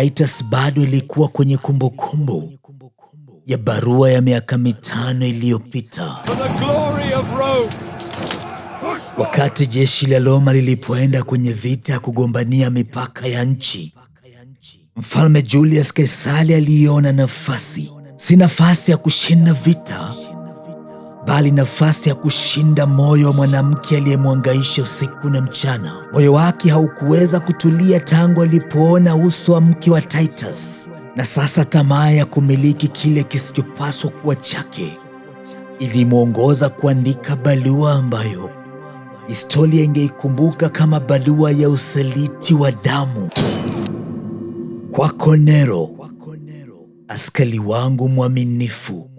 Titus bado ilikuwa kwenye kumbukumbu kumbu ya barua ya miaka mitano iliyopita wakati jeshi la Roma lilipoenda kwenye vita ya kugombania mipaka ya nchi. Mfalme Julius Kaisari aliona nafasi, si nafasi ya kushinda vita bali nafasi ya kushinda moyo wa mwanamke aliyemwangaisha usiku na mchana. Moyo wake haukuweza kutulia tangu alipoona uso wa mke wa Titus, na sasa tamaa ya kumiliki kile kisichopaswa kuwa chake ilimwongoza kuandika barua ambayo historia ingeikumbuka kama barua ya usaliti wa damu. Kwako Nero, askari wangu mwaminifu.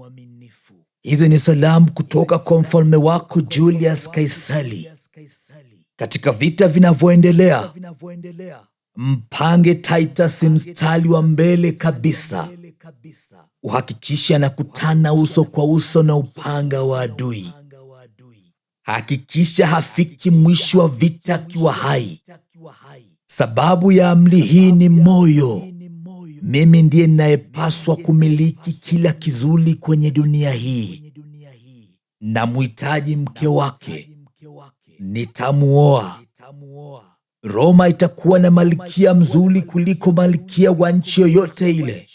Hizi ni salamu kutoka kwa mfalme wako Julius Kaisali. Katika vita vinavyoendelea, mpange Titus mstari wa mbele kabisa, uhakikishe anakutana uso kwa uso na upanga wa adui. Hakikisha hafiki mwisho wa vita akiwa hai. Sababu ya amri hii ni moyo mimi ndiye ninayepaswa kumiliki kila kizuri kwenye dunia hii. Namhitaji mke wake, nitamuoa. Roma itakuwa na malkia mzuri kuliko malkia wa nchi yoyote ile,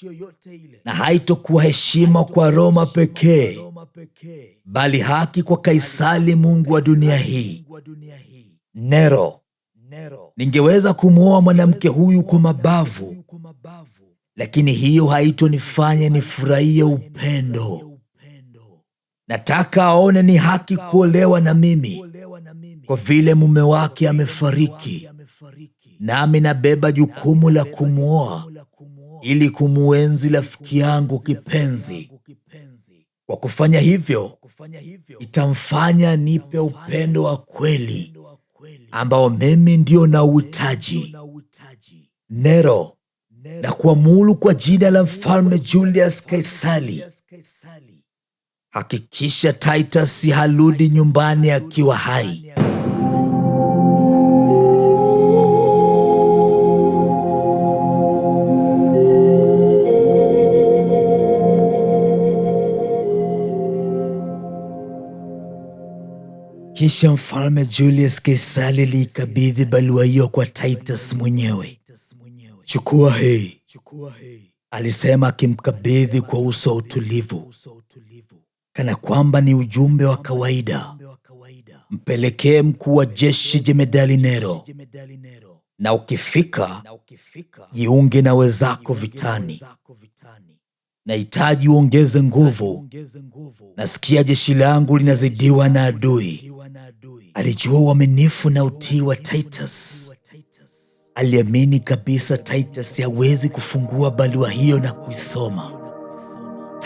na haitokuwa heshima kwa Roma pekee, bali haki kwa Kaisari, mungu wa dunia hii. Nero, ningeweza kumwoa mwanamke huyu kwa mabavu lakini hiyo haitonifanya nifurahie upendo. Nataka aone ni haki kuolewa na mimi kwa vile mume wake amefariki, nami nabeba jukumu la kumwoa ili kumuenzi rafiki yangu kipenzi. Kwa kufanya hivyo, itamfanya nipe upendo wa kweli ambao mimi ndio na uhitaji. Nero na kuamuru kwa jina la mfalme Julius kaisali hakikisha Titus harudi nyumbani akiwa hai. Kisha mfalme Julius kaisali liikabidhi barua hiyo kwa Titus mwenyewe chukua hii, alisema akimkabidhi kwa uso wa utulivu, kana kwamba ni ujumbe wa kawaida. Mpelekee mkuu wa jeshi Jemedali Nero, na ukifika jiunge na wenzako vitani. Nahitaji uongeze nguvu, nasikia jeshi langu linazidiwa na adui. Alijua uaminifu na utii wa Titus aliamini kabisa Titus hawezi kufungua barua hiyo na kuisoma.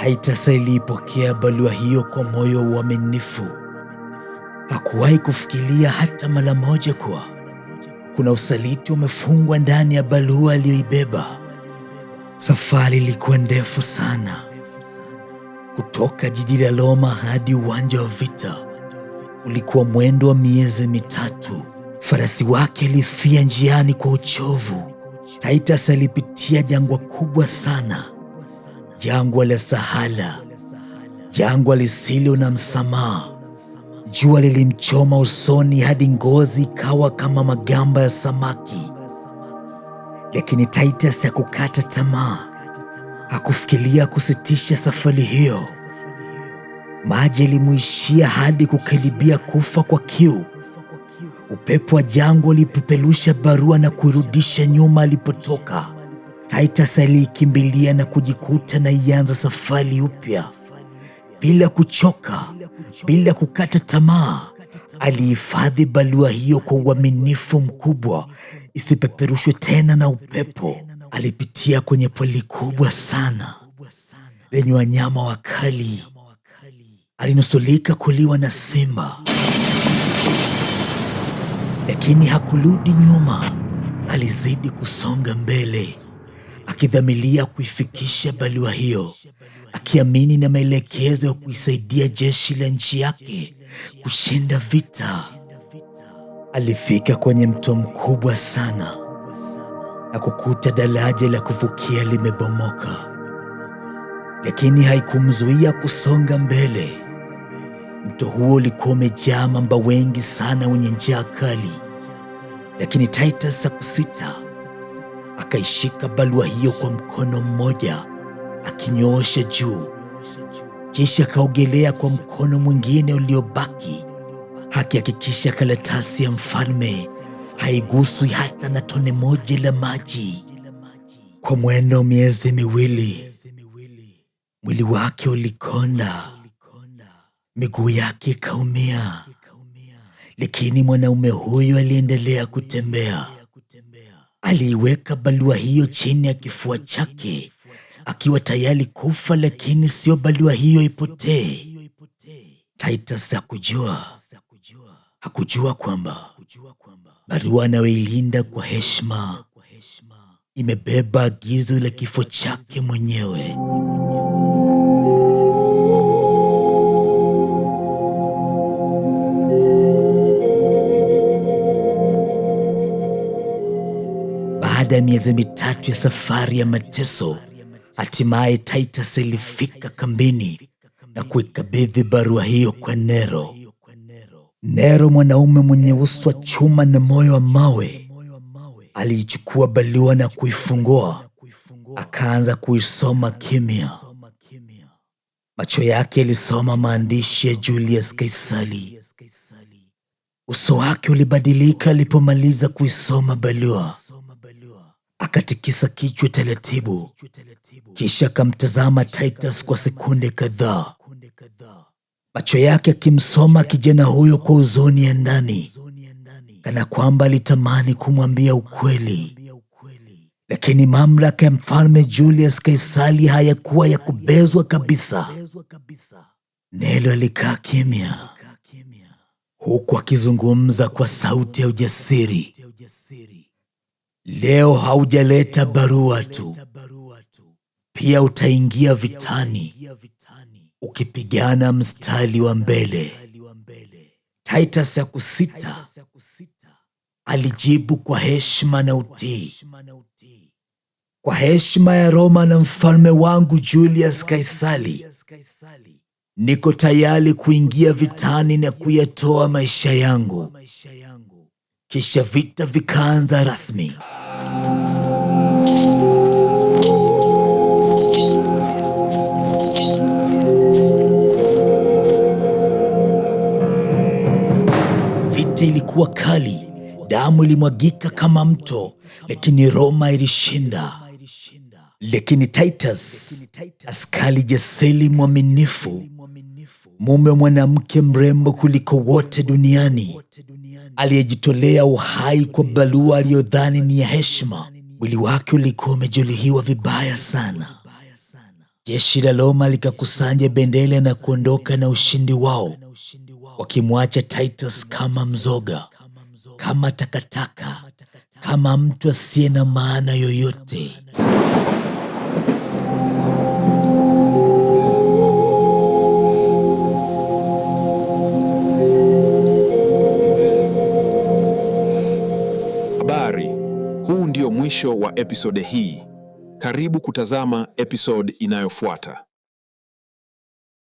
Titus aliipokea barua hiyo kwa moyo wa uaminifu. Hakuwahi kufikiria hata mara moja kuwa kuna usaliti umefungwa ndani ya barua aliyoibeba. Safari ilikuwa ndefu sana, kutoka jiji la Roma hadi uwanja wa vita ulikuwa mwendo wa miezi mitatu. Farasi wake alifia njiani kwa uchovu. Titus alipitia jangwa kubwa sana, jangwa la Sahala, jangwa lisilo na msamaha. Jua lilimchoma usoni hadi ngozi ikawa kama magamba ya samaki, lakini Titus hakukata tamaa. Hakufikiria kusitisha safari hiyo. Maji yalimwishia hadi kukaribia kufa kwa kiu. Upepo wa jangwa ulipeperusha barua na kuirudisha nyuma alipotoka. Titus aliikimbilia na kujikuta na ianza safari upya bila kuchoka, bila kukata tamaa. Alihifadhi barua hiyo kwa uaminifu mkubwa isipeperushwe tena na upepo. Alipitia kwenye pori kubwa sana lenye wanyama wakali. Alinusulika kuliwa na simba lakini hakurudi nyuma. Alizidi kusonga mbele, akidhamilia kuifikisha barua hiyo, akiamini na maelekezo ya kuisaidia jeshi la nchi yake kushinda vita. Alifika kwenye mto mkubwa sana na kukuta daraja la kuvukia limebomoka, lakini haikumzuia kusonga mbele. Mto huo ulikuwa umejaa mamba wengi sana wenye njaa kali, lakini Titus hakusita. Akaishika barua hiyo kwa mkono mmoja akinyoosha juu, kisha akaogelea kwa mkono mwingine uliobaki, akihakikisha karatasi ya mfalme haiguswi hata na tone moja la maji. Kwa mwendo miezi miwili, mwili wake ulikonda miguu yake ikaumia, lakini mwanaume huyo aliendelea kutembea. Aliiweka balua hiyo chini ya kifua chake akiwa tayari kufa, lakini sio balua hiyo ipotee. Titus hakujua, hakujua kwamba barua anayoilinda kwa heshima imebeba agizo la kifo chake mwenyewe. Baada ya miezi mitatu ya safari ya mateso, hatimaye Titus ilifika kambini na kuikabidhi barua hiyo kwa Nero. Nero, mwanaume mwenye uso wa chuma na moyo wa mawe, aliichukua barua na kuifungua, akaanza kuisoma kimya. Macho yake yalisoma maandishi ya Julius kaisali Uso wake ulibadilika alipomaliza kuisoma barua akatikisa kichwa taratibu, kisha akamtazama Titus kwa sekunde kadhaa, macho yake akimsoma kijana huyo kwa huzuni ya ndani, kana kwamba alitamani kumwambia ukweli, lakini mamlaka ya mfalme Julius kaisali hayakuwa ya kubezwa kabisa. Nelo alikaa kimya, huku akizungumza kwa sauti ya ujasiri Leo haujaleta barua tu, pia utaingia vitani ukipigana mstari wa mbele. Titus kusita alijibu kwa heshima na utii. Kwa heshima ya Roma na mfalme wangu Julius kaisali niko tayari kuingia vitani na kuyatoa maisha yangu. Kisha vita vikaanza rasmi. Vita ilikuwa kali, damu ilimwagika kama mto, lakini Roma ilishinda. Lakini Titus, askari jasiri mwaminifu, mume wa mwanamke mrembo kuliko wote duniani aliyejitolea uhai kwa balua aliyodhani ni ya heshima. Mwili wake ulikuwa umejeruhiwa vibaya sana. Jeshi la Roma likakusanya bendera na kuondoka na ushindi wao, wakimwacha Titus kama mzoga, kama takataka, kama mtu asiye na maana yoyote. episode hii. Karibu kutazama episode inayofuata.